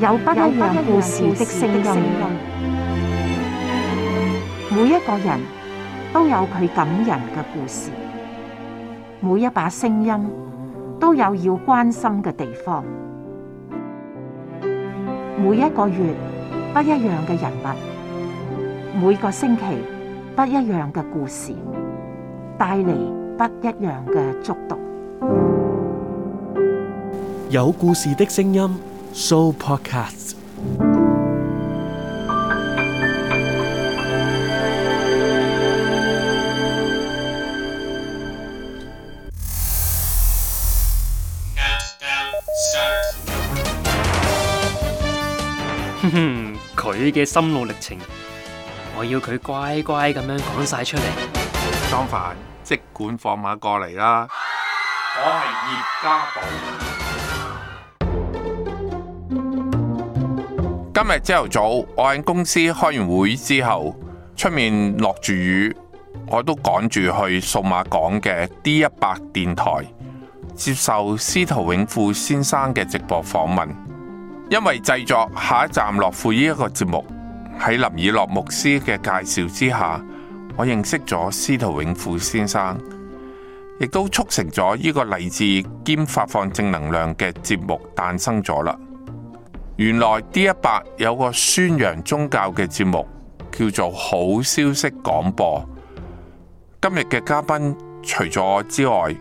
有不一樣故事的聲音，每一個人都有佢感人嘅故事，每一把聲音都有要關心嘅地方，每一個月不一樣嘅人物，每個星期不一樣嘅故事，帶嚟不一樣嘅觸動。有故事的聲音。So Show podcast。哼 哼，佢嘅 心路歷程，我要佢乖乖咁樣講晒出嚟。江凡，即管放馬過嚟啦！我係葉家寶。今日朝頭早，我喺公司開完會之後，出面落住雨，我都趕住去數碼港嘅 D 一百電台接受司徒永富先生嘅直播訪問。因為製作下一站樂富呢一個節目，喺林爾樂牧師嘅介紹之下，我認識咗司徒永富先生，亦都促成咗呢個勵志兼發放正能量嘅節目誕生咗啦。原來 D 一百有個宣揚宗教嘅節目，叫做《好消息廣播》。今日嘅嘉賓除咗我之外，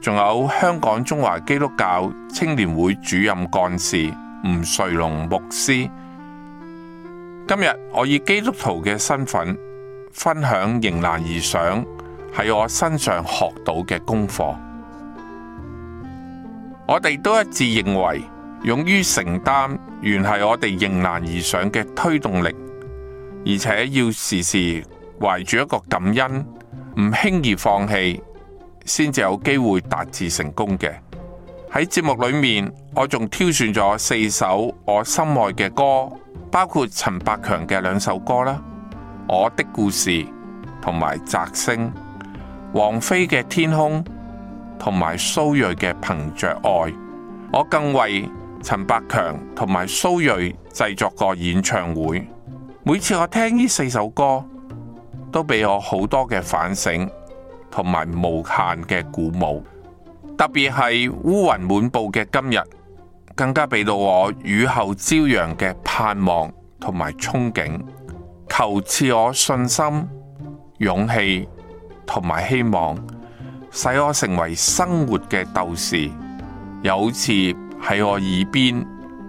仲有香港中華基督教青年會主任幹事吳瑞龍牧師。今日我以基督徒嘅身份分享《迎難而上》，喺我身上學到嘅功課。我哋都一致認為。勇於承擔，原係我哋迎難而上嘅推動力，而且要時時懷住一個感恩，唔輕易放棄，先至有機會達至成功嘅。喺節目裏面，我仲挑選咗四首我心愛嘅歌，包括陳百強嘅兩首歌啦，《我的故事》同埋《摘星》，王菲嘅《天空》，同埋蘇芮嘅《憑着愛》，我更為。陳百強同埋蘇芮製作過演唱會，每次我聽呢四首歌，都俾我好多嘅反省同埋無限嘅鼓舞。特別係烏雲滿布嘅今日，更加俾到我雨後朝陽嘅盼望同埋憧憬。求賜我信心、勇氣同埋希望，使我成為生活嘅鬥士。有次。喺我耳邊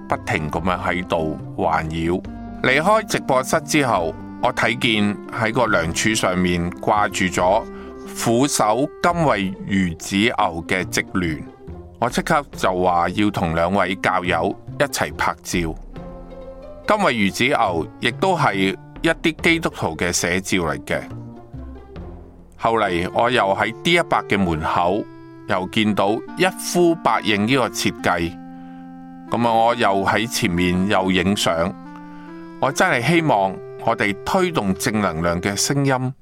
不停咁樣喺度環繞。離開直播室之後，我睇見喺個樑柱上面掛住咗“俯首甘為孺子牛”嘅直聯。我即刻就話要同兩位教友一齊拍照。甘為孺子牛亦都係一啲基督徒嘅寫照嚟嘅。後嚟我又喺 D 一百嘅門口又見到一呼百應呢個設計。咁啊！我又喺前面又影相，我真係希望我哋推動正能量嘅聲音，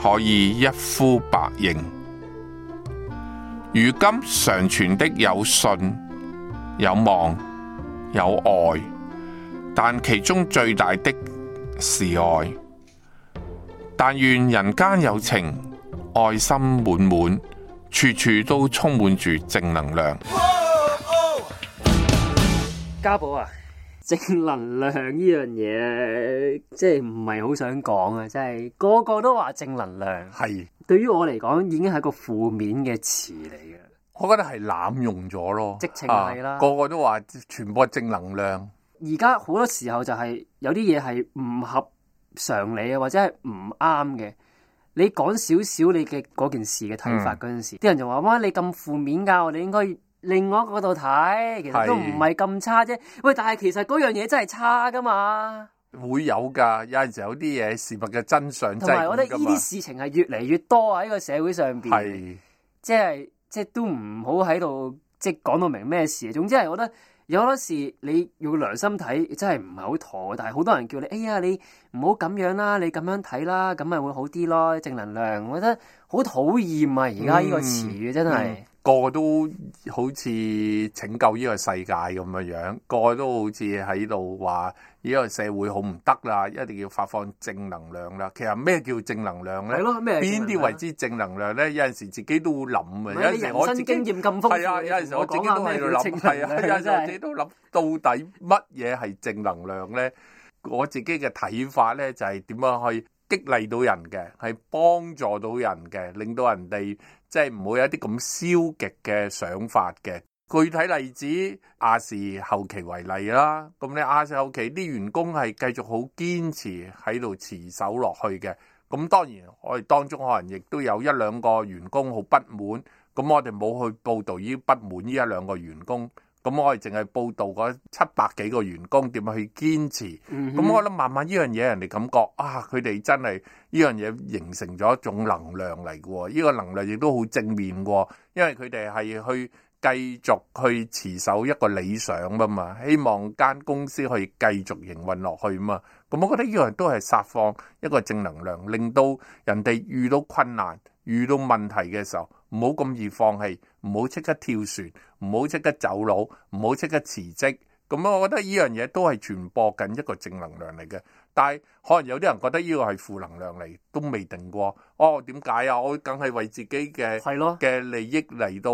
可以一呼百應。如今常傳的有信、有望、有愛，但其中最大的是愛。但願人間有情，愛心滿滿，處處都充滿住正能量。家寶啊，正能量呢樣嘢即係唔係好想講啊！即係個個都話正能量，係是對於我嚟講已經係一個負面嘅詞嚟嘅。我覺得係濫用咗咯，直情係啦、啊，個個都話傳播正能量。而家好多時候就係、是、有啲嘢係唔合常理啊，或者係唔啱嘅。你講少少你嘅嗰件事嘅睇法嗰陣時，啲、嗯、人就話，哇，你咁負面噶、啊，我哋應該。另外一個角度睇，其實都唔係咁差啫。喂，但係其實嗰樣嘢真係差噶嘛？會有噶，有陣時有啲嘢事物嘅真相真係同埋，我覺得呢啲事情係越嚟越多喺、啊、 個社會上邊。係， 即係即係都唔好喺度，即係講到明咩事。總之係，我覺得有好多時你用良心睇，真係唔係好妥。但係好多人叫你，哎呀，你唔好咁樣啦，你咁樣睇啦，咁咪會好啲咯，正能量。我覺得好討厭啊，而家呢個詞語真係。嗯嗯個個都好似拯救呢個世界咁嘅樣，個個都好似喺度話呢個社會好唔得啦，一定要發放正能量啦。其實咩叫正能量咧？係咯，邊啲為之正能量咧？有陣時自己都會諗嘅是，有陣時我經驗咁豐富，有陣時我自己都喺度諗，係啊，有陣時自己都諗到底乜嘢係正能量咧？我自己嘅睇法咧，就係、是、點樣去激勵到人嘅，係幫助到人嘅，令到人哋。即係唔會有一啲咁消極嘅想法嘅。具體例子，亞視後期為例啦，咁你亞視後期啲員工係繼續好堅持喺度持守落去嘅。咁當然我哋當中可能亦都有一兩個員工好不滿，咁我哋冇去報導呢不滿呢一兩個員工。咁我哋淨係報道嗰七百幾個員工點去堅持，咁、嗯、哼我諗慢慢呢樣嘢人哋感覺啊，佢哋真係呢樣嘢形成咗一種能量嚟嘅喎，依、這個能量亦都好正面喎，因為佢哋係去繼續去持守一個理想啊嘛，希望間公司可以繼續營運落去啊嘛，咁我覺得呢樣都係釋放一個正能量，令到人哋遇到困難、遇到問題嘅時候。唔好咁易放棄，唔好即刻跳船，唔好即刻走佬，唔好即刻辭職。咁啊，我覺得呢樣嘢都係傳播緊一個正能量嚟嘅。但係可能有啲人覺得呢個係負能量嚟，都未定過。哦，點解啊？我梗係為自己嘅係咯嘅利益嚟到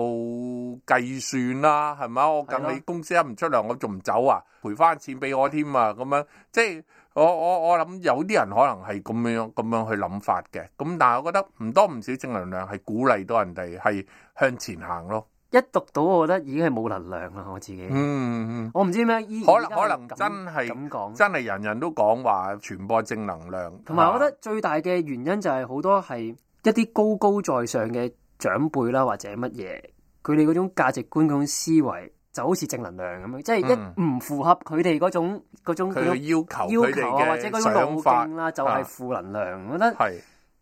計算啦、啊，係咪？我梗你公司一唔出糧，我仲唔走啊？賠翻錢俾我添啊！咁樣即係。我我我諗有啲人可能係咁樣咁樣去諗法嘅，咁但係我覺得唔多唔少正能量係鼓勵到人哋係向前行咯。一讀到我覺得已經係冇能量啦，我自己。嗯嗯，我唔知咩，可能可能真係咁講，真係人人都講話傳播正能量。同埋，我覺得最大嘅原因就係好多係一啲高高在上嘅長輩啦，或者乜嘢，佢哋嗰種價值觀嗰種思維。就好似正能量咁樣，即係一唔符合佢哋嗰種、嗯、種要求、要求、要求或者嗰種想法啦，就係負能量。啊、我覺得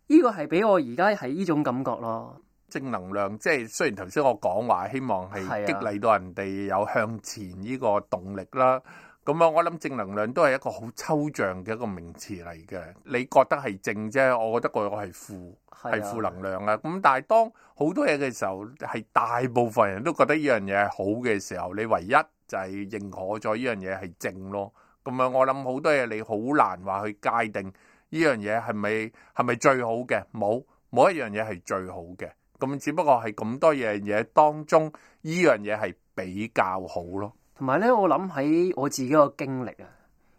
呢個係俾我而家係呢種感覺咯。正能量即係雖然頭先我講話希望係激勵到人哋有向前呢個動力啦。咁啊，我諗正能量都係一個好抽象嘅一個名詞嚟嘅。你覺得係正啫，我覺得我係負，係負是、啊、能量啊。咁但係當好多嘢嘅時候，係大部分人都覺得呢樣嘢係好嘅時候，你唯一就係認可咗呢樣嘢係正咯。咁啊，我諗好多嘢你好難話去界定呢樣嘢係咪係咪最好嘅？冇冇一樣嘢係最好嘅。咁只不過係咁多樣嘢當中，呢樣嘢係比較好咯。同埋咧，我諗喺我自己個經歷啊，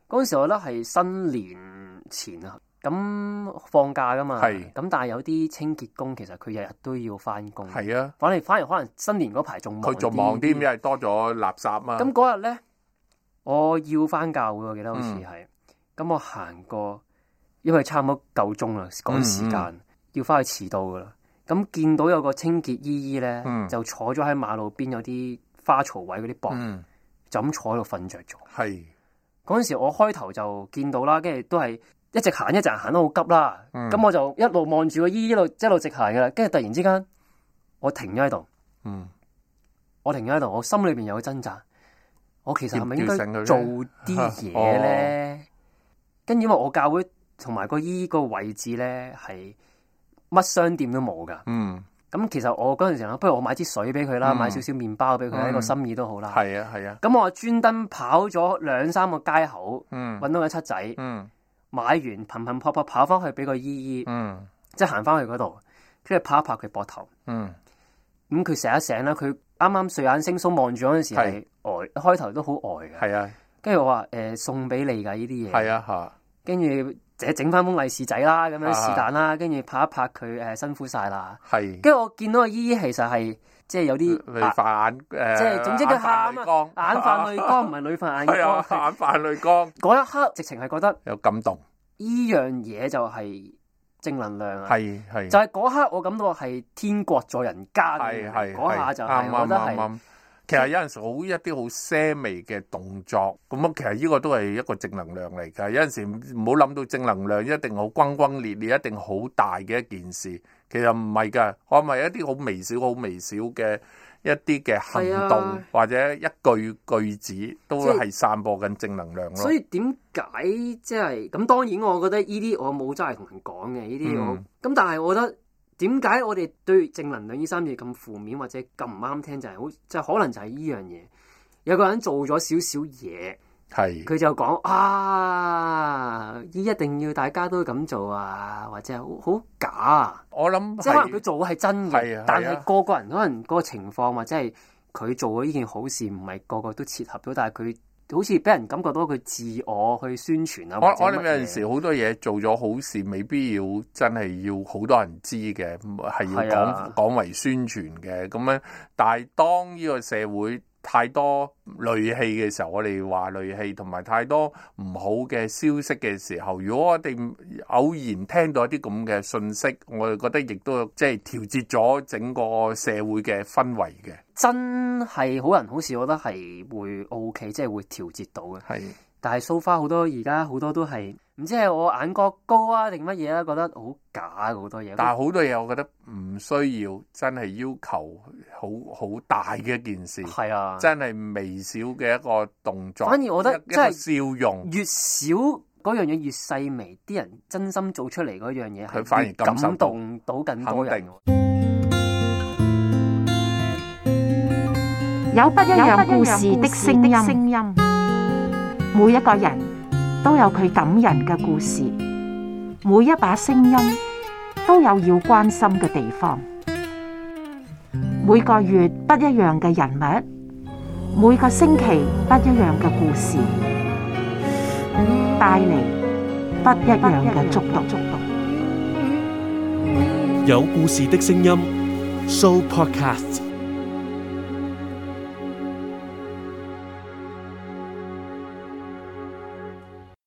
嗰陣時我覺得係新年前啊，咁放假噶嘛，咁是但係有啲清潔工其實佢日日都要翻工，係啊，反而反而可能新年嗰排仲佢仲忙啲，咩？因為多咗垃圾啊。咁嗰日咧，我要翻教會，我記得好似係，咁、嗯、我行過，因為差唔多夠鐘啦，趕時間要翻去，遲到噶啦，咁見到有個清潔姨姨咧，嗯、就坐咗喺馬路邊有啲花槽位嗰啲博。嗯就坐喺度瞓着咗。係嗰陣時，我開頭就見到啦，跟住都係一直行，一陣行得好急啦。咁、嗯、我就一路望住個姨，一路一路直行嘅啦。跟住突然之間，我停咗喺度。嗯，我停咗喺度，我心裏邊有個掙扎。我其實係咪應該做啲嘢咧。跟住因為我教會同埋個姨個位置咧係乜商店都冇噶。嗯。咁其實我嗰陣時，不如我買支水俾佢啦，買少少麵包俾佢，一個心意都好啦。係啊，係啊。咁我專登跑咗兩三個街口，揾到個七仔，買完頻頻撲撲跑翻去俾個姨姨，即係行翻去嗰度，跟住拍一拍佢膊頭。嗯。咁佢醒一醒咧，佢啱啱睡眼惺忪望住嗰陣時係呆，開頭都好呆嘅。係啊。跟住我話誒送俾你㗎呢啲嘢。係啊，嚇。跟住。整翻封利是仔啦，咁樣是但啦，跟住拍一拍佢，誒，辛苦晒啦。係。跟住我見到阿姨其實係即係有啲淚泛眼，誒，即係總之佢喊啊，眼泛淚光，唔係淚泛眼光，眼泛淚光。嗰一刻，直情係覺得有感動。依樣嘢就係正能量啊！係係。就係嗰刻，我感覺係天國助人家。係係。嗰下就係我覺得係。其實有陣時好一啲好些微嘅動作，咁樣其實呢個都係一個正能量嚟噶。有陣時唔好諗到正能量一定好轟轟烈烈，一定好大嘅一件事，其實唔係噶，我係一啲好微小、好微小嘅一啲嘅行動、啊、或者一句句子，都係散播緊正能量咯。所以點解即係咁？就是、當然，我覺得呢啲我冇真係同人講嘅呢啲，咁、嗯、但係我覺得。點解我哋對正能量呢三字咁負面，或者咁唔啱聽，就係好，即係可能就係呢樣嘢。有個人做咗少少嘢，係佢是就講啊，呢一定要大家都咁做啊，或者好好假。我諗即係可能佢做嘅係真嘅，但係個個人可能個情況或者係佢做嘅呢件好事，唔係個個都切合到，但係佢。好似俾人感覺到佢自我去宣傳啊，我我諗有陣時好多嘢做咗好事，未必要真係要好多人知嘅，係要講講是的 為宣傳嘅咁樣。但係當呢個社會，太多戾氣嘅時候，我哋話戾氣同埋太多唔好嘅消息嘅時候，如果我哋偶然聽到一啲咁嘅信息，我哋覺得亦都即係調節咗整個社會嘅氛圍嘅。真係好人好事，我覺得係會 OK，即係會調節到嘅。係。但係蘇花好多而家好多都係唔知係我眼角高啊定乜嘢啊覺得好假好多嘢。但係好多嘢，我覺得唔需要真係要求好好大嘅一件事。係啊，真係微小嘅一個動作。反而我覺得，真係一笑容越少嗰樣嘢越細微，啲人真心做出嚟嗰樣嘢佢反而感,到感動定到更多人。有不一樣,有不一樣故事的聲音。每一個人都有佢感人嘅故事，每一把聲音都有要關心嘅地方。每個月不一樣嘅人物，每個星期不一樣嘅故事，帶嚟不一樣嘅觸動。有故事的聲音，So Podcast。